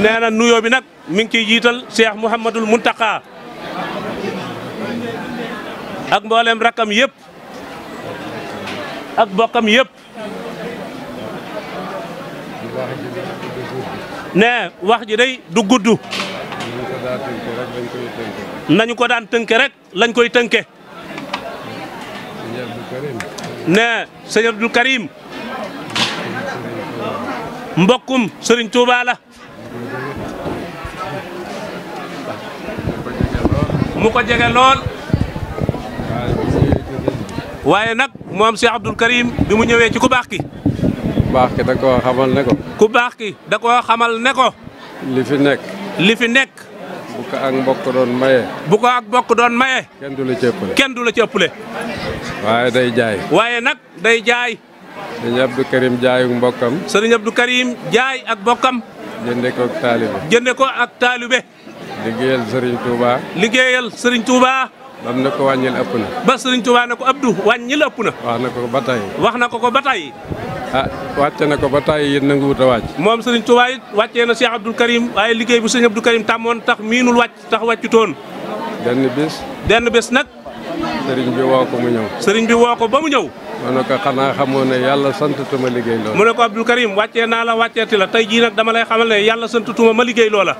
nee na nuyoo bi nag mi ngi ciy jiital Cheikh Mouhamadul Mountakha ak mboolem rakkam yépp ak mbokkam yépp ne wax ji day du gudd nañu ko daan tënke rek lañ koy tënke ne sëñ Abdul Karim mbokkum sëriñ Touba la mu ko jege lool waaye nag moom Cheikh Abdul Karim bi mu ñëwee ci ku baax ki ku baax ki da xamal ne ko ku baax ki da koo xamal ne ko lifi fi nekk li nekk ko ak mbokk doon maye. bu ko ak mbokk doon la ci kenn du ci ëppale. waaye day jaay. waaye nag day jaay. sëriñ Abdou Karim jaay ak mbokkam. sëriñ Abdou Karim jaay ak mbokkam. jënde ko ak taalibe. jënde ak taalibe. liggéeyal sëriñ Touba. liggéeyal sëriñ Touba. bam ne ko wàññil ëpp na. ba Sëriñ Tuubaa ne ko Abdou wàññil ëpp na. wax na ko ba tey. wax na ko ko ba tey. ah wàcce na ko ba tey yéen nanguwut a wàcc. moom Sëriñ Tuubaa it wàccee na Cheikh Abdoul Karim waaye liggéey bu Sëriñ Abdoul Karim tàmmoon tax miinul wàcc tax wàccutoon. benn bis. benn bis nag. sëriñ bi woo ko mu ñëw. sëriñ bi woo ko ba mu ñëw. ma ne ko xanaa xamoo ne yàlla santatuma liggéey loola. mu ne ko Abdoul Karim wàccee naa la wàcceeti la tey jii nag dama lay xamal ne yàlla santatuma ma liggéey loola.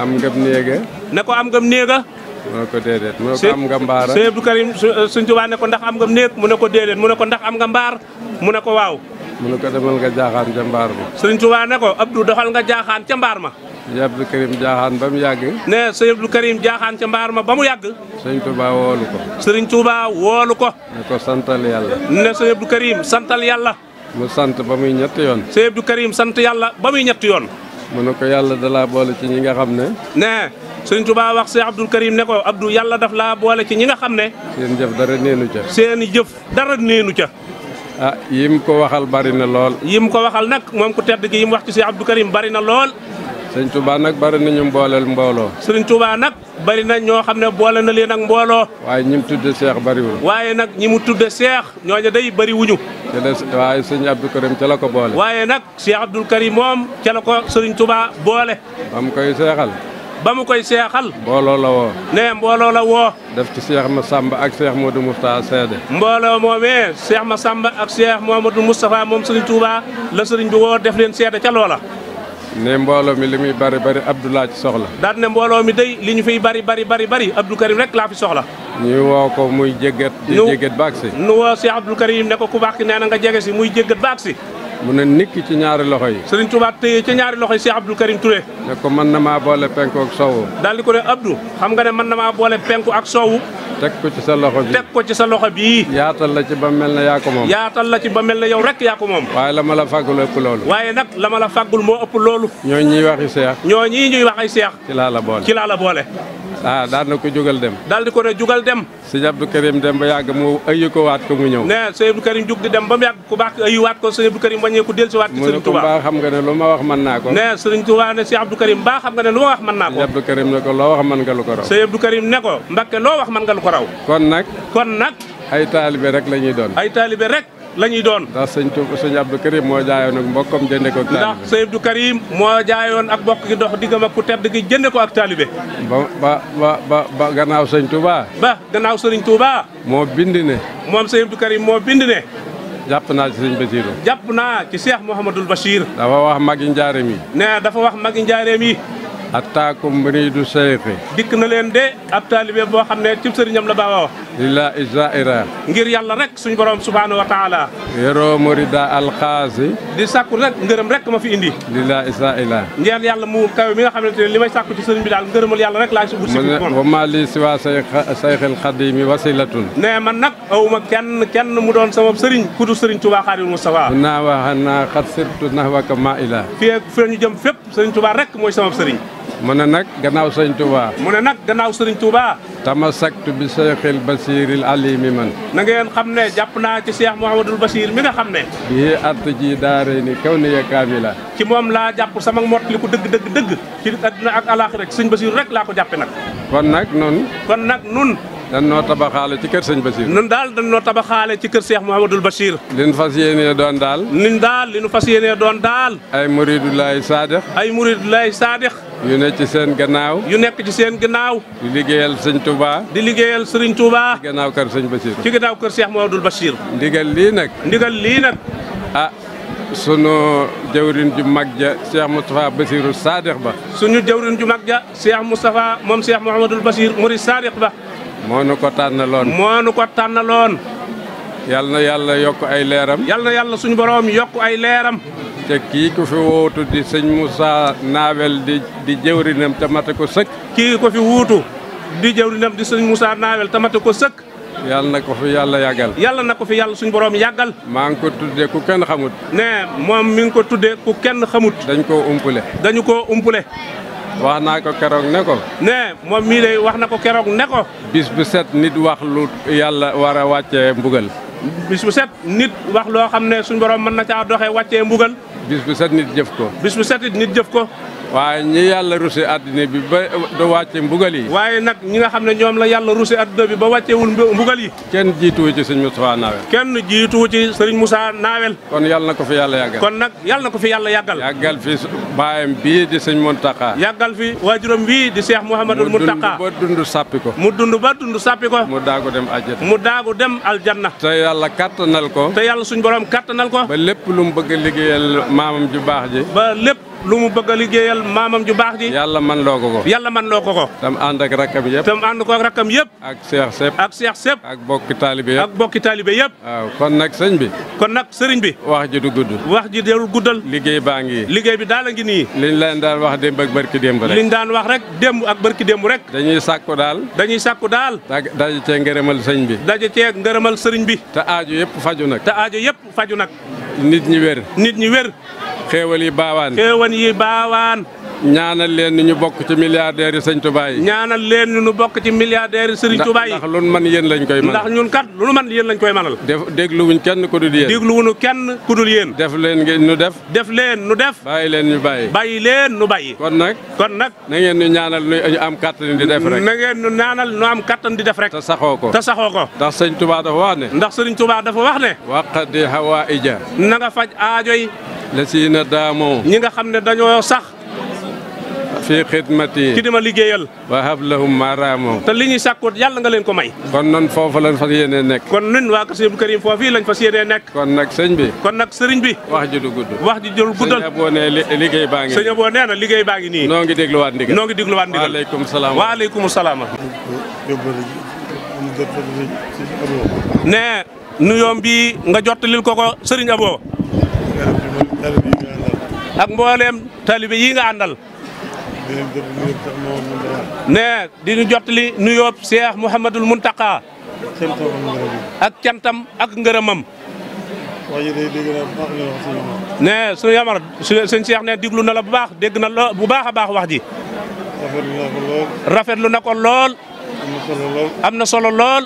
am ngëm mu ne ko déedéet mu ne ko am nga mbaar sëñ Abdou Karim euh, sëñ Tuubaa ne ko ndax am nga néeg mu ne ko déedéet mu ne ko ndax am nga mbaar mu ne ko waaw mu ne ko demal nga jaaxaan ca mbaar ma sëñ Tuubaa ne ko Abdou doxal nga jaaxaan ca mbaar ma sëñ Abdou Karim jaaxaan ba mu yàgg ne sëñ Abdou Karim jaaxaan ca mbaar ma ba mu yàgg sëñ Tuubaa woolu ko sëriñ Tuubaa woolu ko ne ko santal yàlla ne sëñ Abdou Karim santal yàlla mu sant ba muy ñetti yoon sëñ Abdou Karim sant yàlla ba muy ñetti yoon mu ne ko yàlla nga xam ne sëñ Tuubaa wax Seex Abdul Karim ne ko Abdou yàlla daf laa boole ci ñi nga xam ne. seen jëf dara neenu ca. seen jëf dara neenu ca. a ah, yim ko waxal bari na lool. yim ko waxal nag moom ku tedd gi yim wax ci Seex Abdul Karim bari na lool. sëñ Touba nag bari na ñu mbooleel mbooloo. sëñ Touba nag bari na ñoo xam ne boole na leen ak mbooloo. waaye ñi mu tudde seex bariwul. waaye nag ñi mu tudde seex ñooñu day bari wuñu. waaye sëñ Abdou Karim ca la ko boole. waaye nag Cheikh Abdoul Karim moom ca la ko sëriñ Touba boole. koy seexal. ba mu koy seexal. mbooloo la woo. nee mbooloo la woo. def ci ma Massamba ak Cheikh Modou Moustapha seede. mbooloo moomee ma Massamba ak Cheikh du Moustapha moom Serigne Touba la Serigne bi woo def leen seede ca loola. ne mbooloo mi li muy bari bari Abdou laa ci soxla. daal ne mbooloo mi day li ñu fiy bari bari bari bari Abdou Karim rek laa fi soxla. ñu woo ko muy jégat. di jégat baag si. nu woo Cheikh Abdou Karim ne ko ku baax ki nee na nga jege si muy jégat baag si. mu ne nikki ci ñaari loxo yi Serigne Touba téye ci ñaari loxo yi si Abdou Karim Touré ne ko mën na maa boole penku ak sowwu daal di ko ne Abdou xam nga ne man na maa boole penku ak sowwu teg ko ci sa loxo bi teg ko ci sa loxo bii yaatal la ci ba mel na yaa ko moom yaatal la ci ba mel na yow rek yaa ko moom waaye la ma la fàggul ëpp loolu waaye nag la ma la fàggul moo ëpp loolu ñoo ñuy waxi seex ñoo ñii ñuy wax ay seex ci laa la boole ci laa la boole ah daal na ko jógal dem daal di ko ne jógal dem sëñ Abdou Karim dem ba yàgg mu ayu ko waat ko mu ñëw ne sëñ Abdou Karim jug di dem ba mu yàgg ku baax ayu waat ko sëñ Abdou Karim bañee ko del si waat ci sëñ Touba mbaa xam nga ne lu ma wax mën naa ko ne sëñ Touba ne sëñ Abdou Karim mbaa xam nga ne lu ma wax mën naa ko sëñ Abdou Karim ne ko loo wax mën nga lu ko raw sëñ Abdou Karim ne ko Mbakke loo wax mën nga lu ko raw kon nag kon nag ay taalibe rek la ñuy doon ay taalibe rek la ñuy doon. ndax sëñ Touba sëñ Abdou Karim moo jaayoon ak mbokkam jënde ko ak taalibe. ndax sëñ moo jaayoon ak mbokk gi dox diggam ak ku tedd gi jënde ko ak taalibe. ba ba ba ba ba gannaaw sëñ Touba. ba gannaaw sëriñ Touba. moo bind ne. moom sëñ Abdou Karim moo bind ne. jàpp naa ci sëñ Basiiru. jàpp naa ci seex Mouhamadul Bachir. dafa wax magi njaareem nee dafa wax magi njaareem attaakum muriidu seyxi dikk na leen de ab taalibe boo xam ne cib sëriñam la bawoo lillaahi zaira ngir yàlla rek suñ borom subhaanahu wa taala yeroo murida alxaasi di sàkku rek ngërëm rek ma fi indi lillaahi zaira ngeen yàlla mu kawe mi nga xamante ne li may sàkku ci sëriñ bi daal ngërëmal yàlla rek laa si wut si wa maa lii si waa seyxil xadiimi wasilatun ne man nag awuma kenn kenn mu doon sama sëriñ kudu sëriñ Tuubaa xaadimu Mustafaa naa waxa naa xat sirtu naxwaka maa ilaa fii fi ñu jëm fépp sëriñ Tuubaa rek mooy sama sëriñ mu ne nag gannaaw sëriñ Touba. mu ne nag gannaaw sëriñ Touba. tama saktu bi Cheikhil Basiril alimi man. na ngeen xam ne jàpp naa ci Cheikh Mouhamadul Basir mi nga xam ne. bii at ji daaree ni kaw ni ya kaamila. ci moom laa jàpp sama mottali ko dëgg dëgg dëgg. ci àddina ak alaaxira rek sëñ Basir rek laa ko jàppe nag. kon nag nun kon nag nun dan noo tabaxaale ci kër sëñ Bachir. ñun daal dan noo tabaxaale ci kër seex Mouhamadul Bachir. li nu fas doon daal. ñun daal li fas yéenee doon daal. ay muridulaay saadix. ay muridulaay saadix. yu nekk ci seen gannaaw. yu nekk ci seen gannaaw. di liggéeyal sëñ Touba. di liggéeyal sëriñ Touba. gannaaw kër sëñ Bachir. ci gannaaw kër Cheikh Mouhamadoul Bachir. ndigal lii nag. ndigal lii nag. ah sunu jawrin ju mag ja Cheikh Moustapha Bachirou Sadiq ba. sunu jawrin ju mag ja Cheikh Moustapha moom Cheikh Mouhamadoul Bachir Mourid Sadiq ba. moo nu ko tànnaloon. moo nu ko tànnaloon. yal na yàlla yokk ay leeram. yal na yàlla suñu borom yokk ay leeram. te kii ko fi wuutu di sëñ Moussa naawel di di jëwrinam te mate ko sëkk. kii ko fi wuutu di jëwrinam di sëñ Moussa naawel tamate ko sëkk. yàlla na ko fi yàlla yàggal. yàlla na ko fi yàlla suñu borom yàggal. maa ngi ko tuddee ku kenn xamut. ne moom mi ko tuddee ku kenn xamut. dañ koo umpule. dañu ko umpule. wax naa ko keroog ne ko. nee moom mii lay wax na ko keroog ne ko. bis bu set nit wax lu yàlla war a wàccee mbugal. bis bu set nit wax loo xam ne suñu borom mën na caa doxee wàccee mbugal. bis bu set nit jëf ko. bis bu set nit jëf ko. waaye ñi yàlla rusé addina bi ba da wàcce mbugal yi waaye nag ñi nga xam ne ñoom la yàlla rusé addina bi ba wàccewul mbugal yi kenn jiituwu ci sëñ Moustapha Nawel kenn jiituwu ci sëriñ Moussa naawel kon yàlla na ko fi yàlla yàggal kon nag yàlla na ko fi yàlla yàggal yàggal fi baayam bii di sëñ Mountakha yàggal fi waajuram wii di Cheikh Mouhamadou Mountakha mu dund ba dund sàppi mu dund ba dund sàppi ko mu daagu dem aljanna mu daagu dem aljanna te yàlla kattanal ko te yàlla suñ borom kattanal ko ba lépp lu mu bëgg liggéeyal maamam ju baax ji lu mu bëgg a liggéeyal maamam ju baax ji yàlla man loo ko ko yàlla man loo ko ko tam ànd ak rakkam yëpp tam ànd ko ak rakkam yëpp ak seex sëpp ak seex sëpp ak bokki taalibe yëpp ak bokki taalibe yëpp waaw kon nag sëñ bi kon nag sëriñ bi wax ji du gudd wax ji dul guddal liggéey baa ngi liggéey bi daal a ngi nii liñ leen daan wax démb ak barki démb rek liñ daan wax rek démb ak barki démb rek dañuy sàkku daal dañuy sàkku daal daje cee ngërëmal sëñ bi daje cee ngërëmal sëriñ bi te aajo yëpp faju nag te aajo yëpp faju nag nit ñi wér xéewal yi baawaan xéewal yi baawaan ñaanal leen ni ñu bokk ci milliardaires yi sëñ Touba yi ñaanal leen ni ñu bokk ci milliardaires yi sëriñ Touba yi ndax lu man yéen lañ koy mënal ndax ñun kat lu man yéen lañ koy mënal def dégluwuñ kenn ku dul yéen dégluwuñu kenn ku dul def leen ngeen ñu def def leen nu def bàyyi leen ñu bàyyi bàyyi leen nu bàyyi kon nag kon nag na ngeen ñu ñaanal ñu am kattan di def rek na ngeen ñu ñaanal ñu am kattan di def rek te saxoo ko te saxoo ko ndax sëñ Touba dafa wax ne ndax sëriñ Touba dafa wax ne waqdi hawaija na nga faj aajoy la si na daamoo ñi nga xam ne dañoo fi xidmati ki dima liggéeyal wa hablahum maaraamu te li ñuy sàkku nga leen ko may kon noonu foofu lañ fas yéenee nekk kon nun waa Kër Sëñ Karim foofu lañ fas yéenee nekk kon nag sëñ bi kon nag sëriñ bi wax ji du wax ji jël guddal sëñ nee liggéey baa ngi sëñ boo nee na liggéey baa ngi nii noo ngi noo ngi dégluwaat ndigal waaleykum salaam waaleykum salaam nee nuyoom bi nga jottalil ko ko sëriñ Abo ak mbooleem talibe yi nga àndal ne di ñu jot li nuyoo Cheikh Mouhamadul Mountakha. ak cantam ak ngërëmam. ne suñu yamar suñ Cheikh ne diglu na la bu baax dégg na la bu baax a baax wax ji. rafetlu na ko lool. am na solo lool.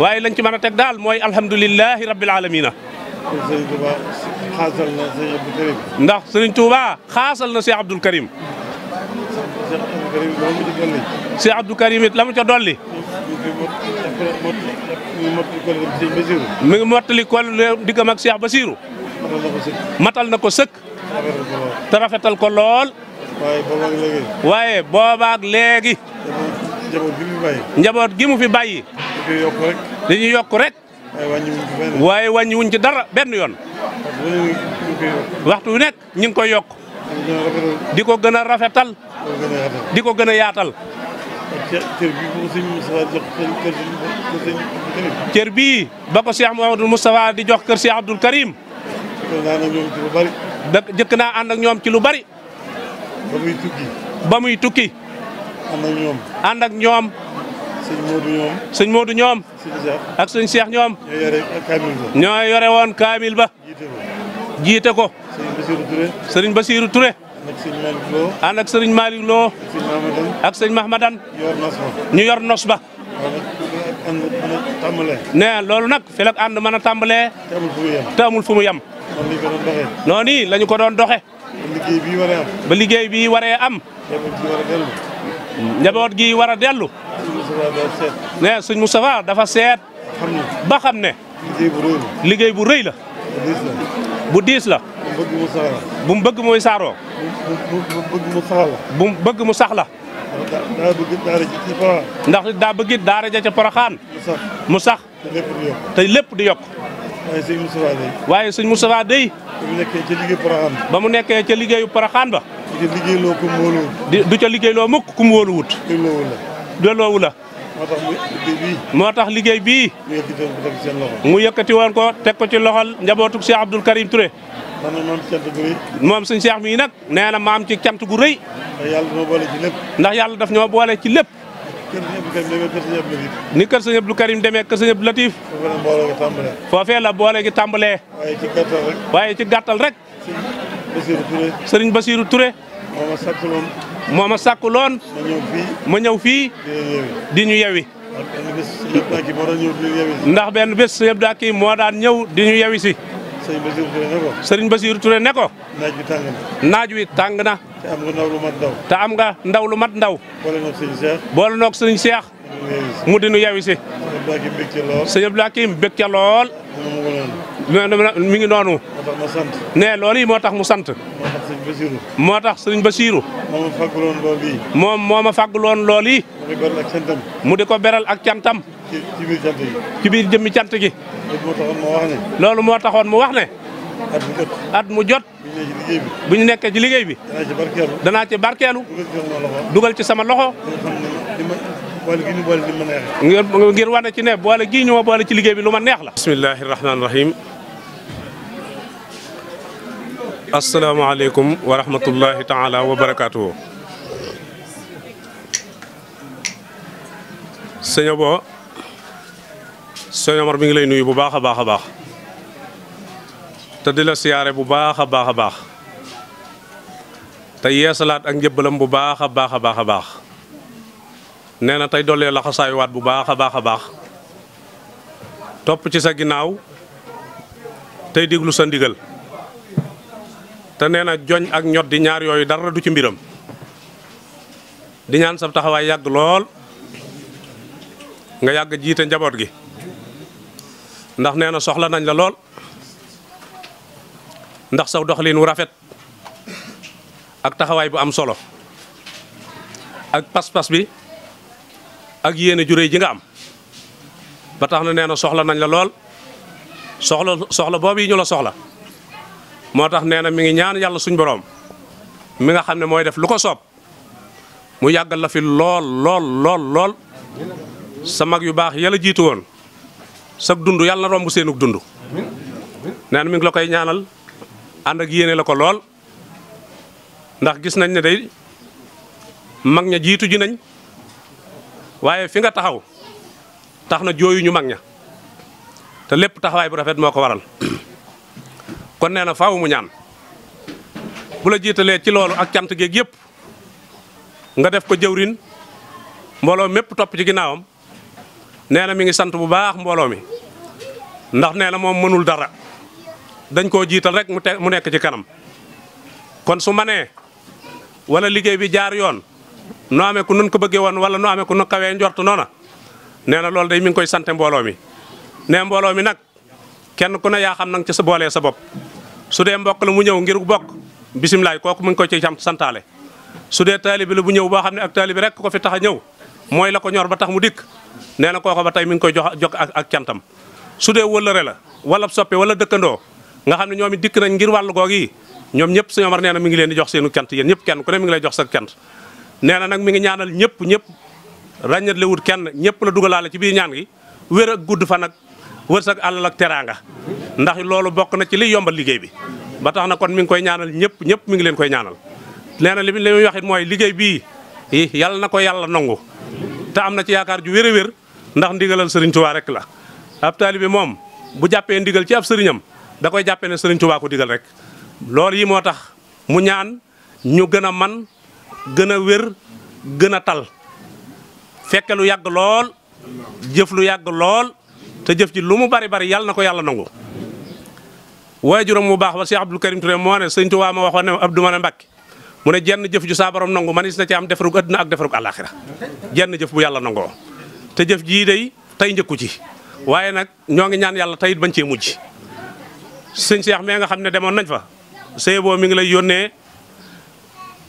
waaye lañ ci mën a teg daal mooy alhamdulilahi rabbil alamina ndax sëriñ Touba xaasal na sëñ Abdou Karim. sëñ Abdou Karim it ca dolli. mi ngi mottali ko diggam ak Cheikh Basirou. matal na ko sëkk. te rafetal ko lool. waaye boobaak léegi. njaboot gi mu fi bàyyi. dañuy yokk rek. waaye wàññi wuñ ci dara benn yoon. waxtu wu nekk ñu ngi koy yokk. di ko gën a rafetal. di ko gën a yaatal. cër bii ba ko Cheikh Mouhamadou Moustapha di jox kër Cheikh Abdoul Karim. jëkk naa ànd ñoom ci lu bari. ba muy tukki. ba muy tukki. ànd ñoom. sëñ Modou ñoom. sëñ Modou ñoom. ak sëñ Cheikh ñoom. ñoo yore woon kaamil ba. jiite ko. sëriñ Basiirou Touré. ànd ak sëriñ Malick Lo. ak sëñ Mahmadan. ñu yor nos ba. ne loolu nag fi la ànd mën a tàmbalee. te amul fu mu yem. noonu yi la ko doon doxe ba liggéey bii waree am. njaboot gi war a dellu. nee suñ Moustapha dafa seet. ba xam ne. liggéey bu rëy la. bu diis la. bu mu bëgg mooy saaroo. bu mu bëgg mu sax la. ndax daa bëgg it daara ja ca paraxaan mu sax te lépp di yokk. waaye sëñ Moustapha Dey. waaye sëñ Moustapha Dey. ba mu nekkee ca liggéeyu Poroxaan ba. ba mu nekkee ca liggéeyu Poroxaan ba. du ca liggéeyloo loo ku mu wóolu delloowu la. moo tax liggéey bii. moo tax mu yëkkati woon ko teg ko ci loxol njabootug Cheikh Abdoul Karim Touré. moom suñ Cheikh mii nag nee na maam ci cant gu rëy. ndax yàlla daf ñoo boole ci lépp. ni kër sëñ Abdou Karim demee kër sëñ Abdou Latif. foofee la boole gi tàmbalee. waaye ci gàttal rek. waaye ci gàttal rek. sëriñ Basirou Touré. moo ma sàkkuloon. moo ma sàkkuloon. ma ñëw fii. ma ñëw fii. di ñu yewi. ndax benn bés yëpp daa moo daan ñëw di ñu yewi si. sëriñ Basiir Touré ne ko. sëriñ Basiir Touré ne naaj wi tàng na. naaj wi te am nga ndaw lu mat ndaw. te am nga ndaw boole noog sëriñ Cheikh. mu di nu yewi si. sëriñ Abdou lool. mi ngi noonu. ne loolu yi moo tax mu sant. moo tax sëriñ Basiiru. moo ma fàgguloon lool yi. moom moo ma fàgguloon lool yi. mu di ko beral ak cantam. ci biir cant gi. ci biir jëmmi cant gi. loolu moo taxoon mu wax ne. at mu jot. bu ñu nekkee ci liggéey bi. danaa ci barkeelu. dugal ci sama loxo. ngir wane ci ne boole gii ma boole ci liggéey bi lu ma neex la. bismillahi rahmaani asalaamaaleykum wa rahmatullahi taala wa barakaatu. sëñ Abo sëñ Omar mi ngi lay nuyu bu baax a baax a baax te di la siyaare bu baax a baax a baax te yeesalaat ak njëbbalam bu baax a baax a baax a baax nee na tey dollee laxasaayuwaat bu baax a baax a baax topp ci sa ginnaaw tey diglu sa ndigal. te nee joñ ak ñot di ñaar yooyu dara du ci mbiram di ñaan sab taxawaay yàgg lool nga yàgg jiite njaboot gi ndax nee na soxla nañ la lool ndax saw doxalin wu rafet ak taxawaay bu am solo ak pas-pas bi ak yéene ju réy ji nga am ba tax na nee na soxla nañ la lool soxla soxla boobu yi ñu la soxla moo tax nee na mi ngi ñaan yàlla suñ borom mi nga xam ne mooy def lu ko soob mu yàggal la fi lool lool lool lool sa mag yu baax yàlla jiitu woon sa dund yàlla na romb seenug dund nee na mi ngi la koy ñaanal ànd ak yéene la ko lool ndax gis nañ ne day mag ña jiitu ji nañ waaye fi nga taxaw tax na jooyu ñu mag ña te lépp taxawaay bu rafet moo ko waral kon nee na faaw mu ñaan bu la jiitalee ci loolu ak cant geeg yépp nga def ko jëwrin mbooloo mépp topp ci ginnaawam nee na mi ngi sant bu baax mbooloo mi ndax nee na moom mënul dara dañ koo jiital rek mu te mu nekk ci kanam kon su manee wala liggéey bi jaar yoon nu amee ku nun ko bëggee woon wala nu amee ku nu kawee njort noona nee na loolu day mi ngi koy sante mbooloo mi nee mbooloo mi nag kenn ku ne yaa xam nang ci sa boolee sa bopp su dee mbokk la mu ñëw ngir bokk bisimilaay kooku mu ngi ko ci am santaale su dee taalibi la bu ñëw boo xam ne ak taalibi rek ko fi tax a ñëw mooy la ko ñor ba tax mu dikk nee na kooko ba tey mi ngi koy jox jokk ak cantam su dee wëllëre la wala soppe wala dëkkandoo nga xam ne ñoom it dikk nañ ngir wàll goog yi ñoom ñëpp suñu war nee na mi ngi leen di jox seenu cant yéen ñëpp kenn ku ne mi ngi lay jox sa cant nee na nag mi ngi ñaanal ñëpp ñëpp ràññatlewut kenn ñëpp la dugalaale ci biir ñaan gi wér gudd fa nag wërsëg àllal ak teraanga ndax loolu bokk na ci li yombal liggéey bi ba tax na kon mi ngi koy ñaanal ñëpp ñëpp mi ngi leen koy ñaanal nee li muy wax it mooy liggéey bii yàlla na ko yàlla nangu te am na ci yaakaar ju wér a wér ndax ndigalal sëriñ Tuubaa rek la ab bi moom bu jàppee ndigal ci ab sëriñam da koy jàppee ne sëriñ Tuubaa ko digal rek lool yi moo tax mu ñaan ñu gën a man gën a wér gën a tal fekke lu yàgg lool jëf lu yàgg lool te jëf ji lu mu bari bari yàlla na ko yàlla nangu waajuram mu baax ba Cheikh Abdou Karim Touré moo ne sëñ Tuubaa ma waxoon ne Abdou Mané Mbàkke mu ne jenn jëf ju saa borom nangu manis na ci am defarug adduna ak defarug àllaaxira jenn jëf bu yàlla nangoo te jëf jii day tey njëkku ci waaye nag ñoo ngi ñaan yàlla tey it bañ cee mujj sëñ Cheikh mee nga xam ne demoon nañ fa sëy boo mi ngi lay yónnee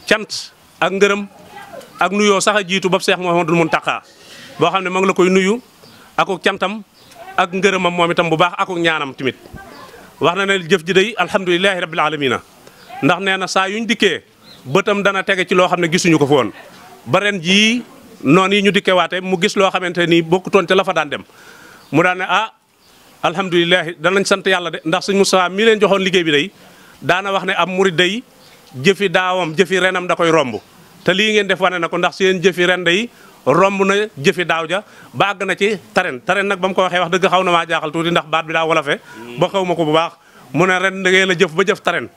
cant ak ngërëm ak nuyoo sax a jiitu ba Cheikh Mouhamadou Mountakha boo xam ne ma ngi la koy nuyu ak cantam. ak ngërëmam moom itam bu baax ako ñaanam tamit wax na ne jëf ji day alhamdulilahi rabbil alamina ndax nee na saa ñu dikkee bëtam dana tege ci loo xam ne gisuñu ko foon ba ren jii noon yi ñu dikkee waate mu gis loo xamante nii bokkutoon ci la fa daan dem mu daan ne ah alhamdulilahi danañ sant yàlla de ndax mu Moussa mi leen joxoon liggéey bi day daana wax ne am murid day jëfi daawam jëfi renam da koy romb te lii ngeen def wane na ko ndax seen jëfi ren day romb na jëfi daaw ja bàgg na ci taren taren nag ba mu ko waxee wax dëgg xaw na maa jaaxal tuuti ndax baat bi daa wolofe ba xaw ma ko bu baax mu ne ren da ngeen a jëf ba jëf taren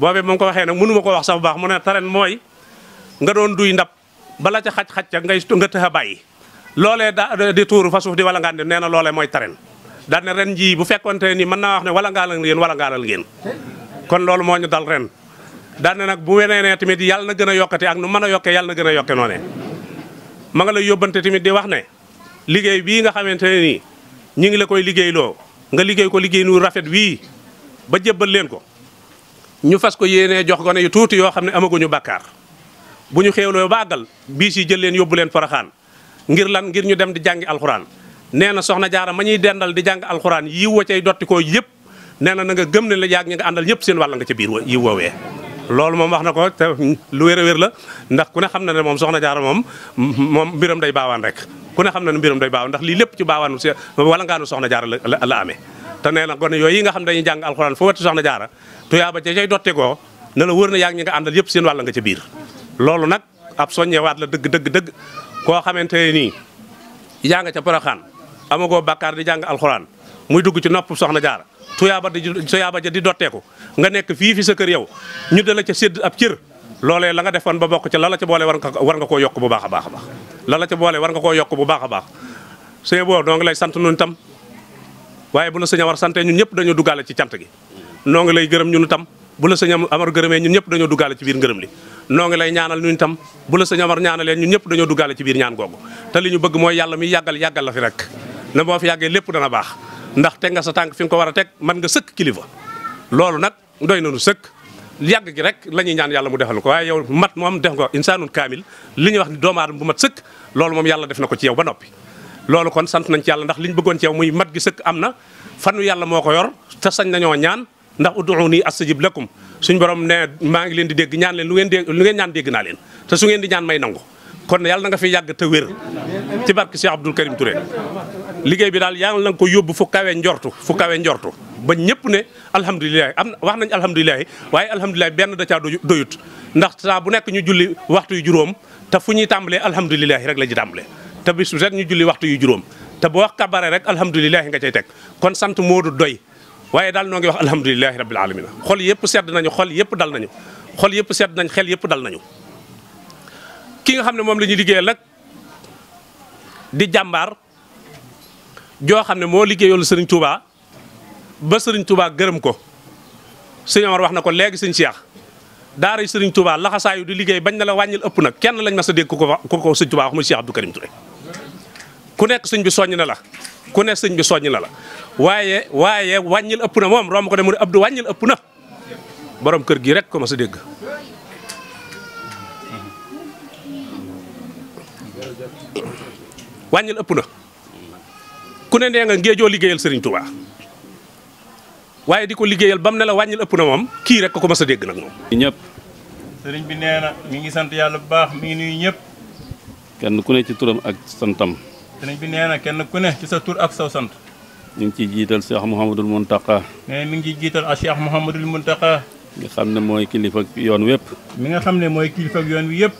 boobee ba ko waxee nag mënu ma ko wax sax bu baax mu ne taren mooy nga doon duy ndab bala ca xaj-xaj ca ngay nga tëx bàyyi loolee da di tuuru fa suuf di wala ngaan nee na loolee mooy taren daal ne ren jii bu fekkonte ni mën naa wax ne wala ngaalal ngeen wala ngaalal ngeen kon loolu moo ñu dal ren daal ne nag bu wenee ne tamit yàlla na gën a yokkate ak nu mën a yokkee yàlla na gën a yokke noone ma nga lay yóbbante tamit di wax ne liggéey bii nga xamante ne nii ñu ngi la koy liggéeyloo nga liggéey ko liggéey nu rafet wii ba jébbal leen ko ñu fas ko yéenee jox gone yu tuuti yoo xam ne amaguñu bakkaar bu ñu xéewloo ba bii si jël leen yóbbu leen Poroxaan ngir lan ngir ñu dem di jàngi alxuraan nee na soxna jaara ma ñuy dendal di jàng alxuraan yi wa cay dotti ko yëpp nee na na nga gëm ne la yàgg ñi nga àndal ñëpp seen wàll nga ca biir yi woowee loolu moom wax na ko te lu wér wér la ndax ku ne xam na ne moom soxna jaara moom moom mbiram day baawaan rek ku ne xam na ne mbiram day baawaan ndax lii lépp ci baawaan si wala ngaanu soxna jaara la la amee te nee na gone yooyu nga xam dañuy jàng alxuraan foo wetu soxna jaara tuyaaba ca cay dotte koo ne la wër na yaa ngi nga àndal yëpp seen wàll nga ca biir loolu nag ab soññewaat la dëgg dëgg dëgg koo xamante ne nii yaa nga ca poroxaan amagoo bàkkaar di jàng alxuraan muy dugg ci nopp soxna jaara tuyaaba di tuyaaba ja di dotteeku nga nekk fii fi sa kër yow ñu la ca sédd ab cër loole la nga defoon ba bokk ca la la ca boole war nga war nga koo yokk bu baax a baax a baax la la ca boole war nga ko yokk bu baax a baax sëñ boobu noo ngi lay sant ñun tam waaye bu la sëñ Amar santee ñun ñëpp dañoo duggaale ci cant gi noo lay gërëm ñun tam bu la sëñ Amar gërëmee ñu ñëpp dañoo duggaale ci biir ngërëm li noo lay ñaanal ñun tam bu la sëñ Amar ñaanalee ñun ñëpp dañoo duggaale ci biir ñaan googu te li ñu bëgg mooy yàlla mi yàggal yàggal la fi rek na boo fi yàggee lépp dana baax ndax teg nga sa tànk fi nga ko war a teg mën nga sëkk kilifa loolu nag na nañu sëkk yàgg gi rek la ñuy ñaan yàlla mu defal ko waaye yow mat moom def nga insaanun kaamil li ñuy wax ni doomu bu mat sëkk loolu moom yàlla def na ko ci yow ba noppi loolu kon sant nañ ci yàlla ndax li ñu bëggoon ci yow muy mat gi sëkk am na fanu yàlla moo ko yor te sañ nañoo ñaan ndax u ud'uuni astajib lakum suñ borom ne maa ngi leen di dégg ñaan leen lu ngeen dégg lu ngeen ñaan dégg naa leen te su ngeen di ñaan may nangu kon yàlla na nga fi yàgg te wér ci barke Cheikh Abdoul Karim ture liggéey bi daal yàlla na nga ko yóbbu fu kawe njortu fu kawe njortu ba ñëpp ne alhamdulilah am wax nañ alhamdulilah waaye alhamdulilah benn da caa doyut ndax saa bu nekk ñu julli waxtu yu juróom te fu ñuy tàmbalee alhamdulilah rek la ji tàmbalee te bis bu ñu julli waxtu yu juróom te bu wax kabare rek alhamdulilah nga cay teg kon sant moo du doy waaye daal noo ngi wax alhamdulilah rabbil alamin xol yëpp sedd nañu xol yëpp dal nañu xol yëpp sedd nañ xel yëpp dal nañu ki nga xam ne moom la ñuy liggéeyal nag di jàmbaar joo xam ne moo liggéeyoon sëriñ Touba ba sëriñ Touba gërëm ko sëñ Amar wax na ko léegi sëñ Cheikh daara sëriñ Touba laxasaayu di liggéey bañ na la wàññil ëpp na kenn lañ mas sa dégg ku ko ku ko sëñ Touba wax muy Cheikh Abdou Karim Touré ku nekk sëñ bi soññ na la ku nekk sëñ bi soññ na la waaye waaye wàññil ëpp na moom romb ko ne mu ne Abdou wàññil ëpp na boroom kër gi rek ko ma sa dégg wàññil ëpp na ku ne nee nga ngéejoo liggéeyal Serigne Touba waaye di ko liggéeyal bam ne la wàññil ëpp na moom kii rek ko mas a dégg nag moom. ñëpp. Serigne bi nee na mi ngi sant yàlla bu baax mi ngi nuyu ñëpp. kenn ku ne ci turam ak santam. Serigne bi nee na kenn ku ne ci sa tur ak saw sant. ñu ngi ciy jiital Cheikh Mouhamadul Mountakha. mais mi ngi ciy jiital ak Cheikh Mouhamadul Mountakha. nga xam ne mooy kilifa yoon wépp mi nga xam ne mooy kilifa yoon wi yëpp.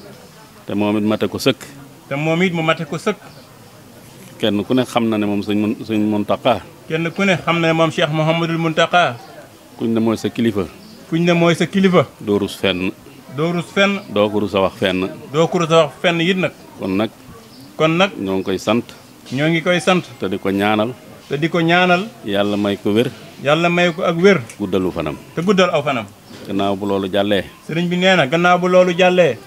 te moom it ko sëkk. te moom it mu mate ko sëkk. kenn ku ne xam na ne moom sëñ sëñ Mountakha. kenn ku ne xam na ne moom Cheikh Mouhamadul Mountakha. kuñ ne mooy sa kilifa. kuñ ne mooy sa kilifa. doo rus fenn. doo rus fenn. doo ko rus a wax fenn. doo ko rus a wax fenn it nag. kon nag. kon nag ñoo ngi koy sant. ñoo ngi koy sant. te di ko ñaanal. te di ko ñaanal. yàlla may ko wér. yàlla may ko ak wér. guddalu fanam. te guddal aw fanam. gannaaw bu loolu jàllee. sëriñ bi nee na gannaaw bu loolu jàllee.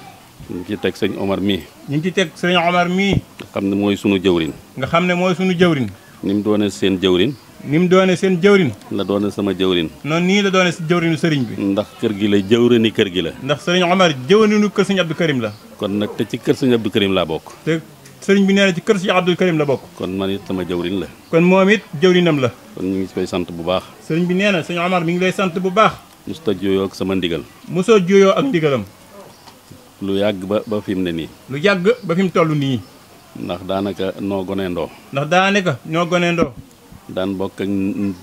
ñu ci teg sëñ Omar mii. ñu ngi ci teg sëñ Omar mii. nga xam ne mooy sunu jëwrin. nga xam ne mooy sunu jëwrin. ni mu doone seen jëwrin. ni mu doone seen jëwrin. la doone sama jëwrin. noonu nii la doone si jëwrinu sëriñ bi. ndax kër gi la jëwrini kër gi la. ndax sëriñ Omar jëwrinu kër sëñ Abdou Karim la. kon nag te ci kër sëñ Abdou Karim laa bokk. te sëriñ bi nee na ci kër sëñ Abdou Karim la bokk. kon man it sama jëwrin la. kon moom it jëwrinam la. kon ñu ngi koy sant bu baax. sëriñ bi nee na sëñ Omar mi ngi lay sant bu baax. mosut a jooyoo ak sama ndigal. mosoo jooyoo ak ndigalam lu yàgg ba ba fi mu ne nii. lu jàgg ba fi mu toll nii. ndax daanaka noo goneendoo. ndax daanaka ñoo goneendoo. daan bokk ak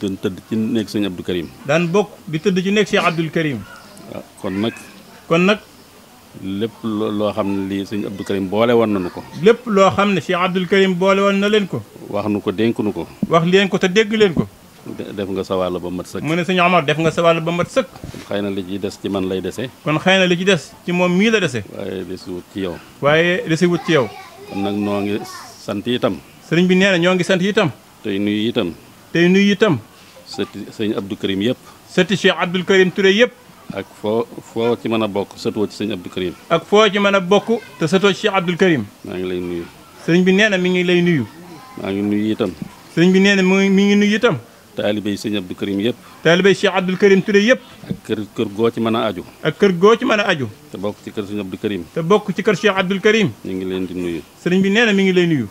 doon tëdd ci nekk sëñ Abdou Karim. daan bokk di tëdd ci nekk sëñ Abdou Karim. waaw ah, kon nag. kon nag. lépp loo xam ne lii sëñ Abdou Karim boole woon nañu ko. lépp loo xam ne sëñ Abdou Karim boole woon na leen ko. wax nu ko dénk nu ko. wax leen ko te dégg leen ko. def nga sa wàll mu ne sëñ Omar def nga sa wàll ba mat sëkk xëy na li ci des ci man lay dese kon xëy na li ci des ci moom mii la dese waaye desi wut ci yow waaye desi wut ci yaw kon nag noo ngi sant itam sëriñ bi nee na ñoo ngi sant itam tey nuyu itam tey nuyu itam sëti sëñ Abdou Karim yëpp sëti Cheikh Abdoul Karim Touré yëpp ak foo foo ci mën a bokk sëtoo ci sëñ Abdou Karim ak foo ci man a bokk te sëtoo ci Cheikh Abdoul Karim maa ngi lay nuyu sëriñ bi nee na mi ngi lay nuyu maa ngi nuyu itam sëriñ bi nee na mi ngi nuyu itam taalibey sëñ Abdou Karim yëpp taalibey Cheikh Abdou Karim Touré yëpp ak kër goo ci mën a aju ak kër goo ci mën a aju te bokk ci kër sëñ Abdou Karim te bokk ci kër Cheikh Abdou Karim ñu ngi leen di nuyu sëriñ bi nee na mi ngi lay nuyu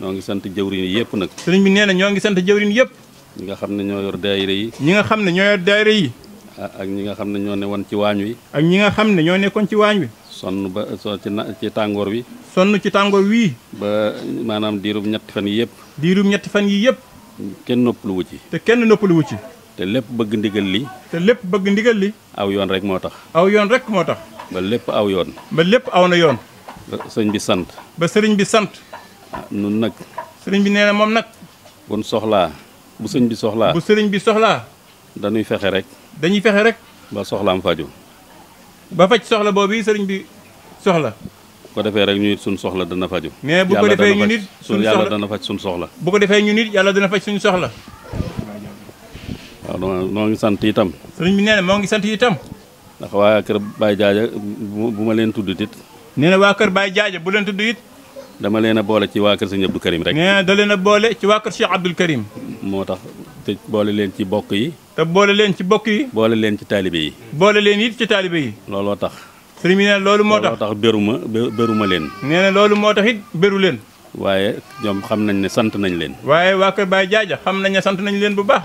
ñoo ngi sant jëwriñ yëpp nag sëriñ bi nee na ñoo ngi sant jëwriñ yëpp ñi nga xam ne ñoo yor daayira yi ñi nga xam ne ñoo yor ak ñi nga xam ne ñoo ne woon ci waañ wi ak ñi nga xam ne ñoo nekkoon ci waañ wi sonn ba ci tàngoor wi sonn ci tàngoor wii ba maanaam diirub ñetti fan yi yëpp diirub ñetti fan yi yëpp kenn noppaluwu ci. te kenn noppaluwu ci. te lépp bëgg ndigal li. te lépp bëgg ndigal li. aw yoon rek moo tax. aw yoon rek moo tax. ba lépp aw yoon. ba lépp aw na yoon. ba sëñ bi sant. ba sëriñ bi sant. Ah, nun nag. sëriñ bi nee na moom nag. bun soxlaa. bu sëñ bi soxlaa. bu sëriñ bi soxlaa. dañuy fexe rek. dañuy fexe rek. ba soxlaam faju ba faj soxla boobu sëriñ bi soxla. ko defee rek ñu nit suñ soxla dana faju mais bu ko noo ngi sant itam sëriñ bi nee moo ngi sant itam ndax waa kër Baye Jaaja bu ma leen tudd it nee na waa kër Baye Jaaja bu leen tudd it dama a boole ci waa kër sëñ Abdou Karim rek nee na da leen a boole ci waa kër Cheikh Abdoul Karim moo tax te boole leen ci bokk yi te boole leen ci bokk yi boole leen ci taalibe yi boole leen it ci taalibe yi looloo tax sëriñ bi nee loolu moo tax looloo tax béruma béruma leen. nee loolu moo tax it béru leen. waaye ñoom xam nañ ne sant nañ leen. waaye waa Kër Baye Jaaja xam nañ ne sant nañ leen bu baax.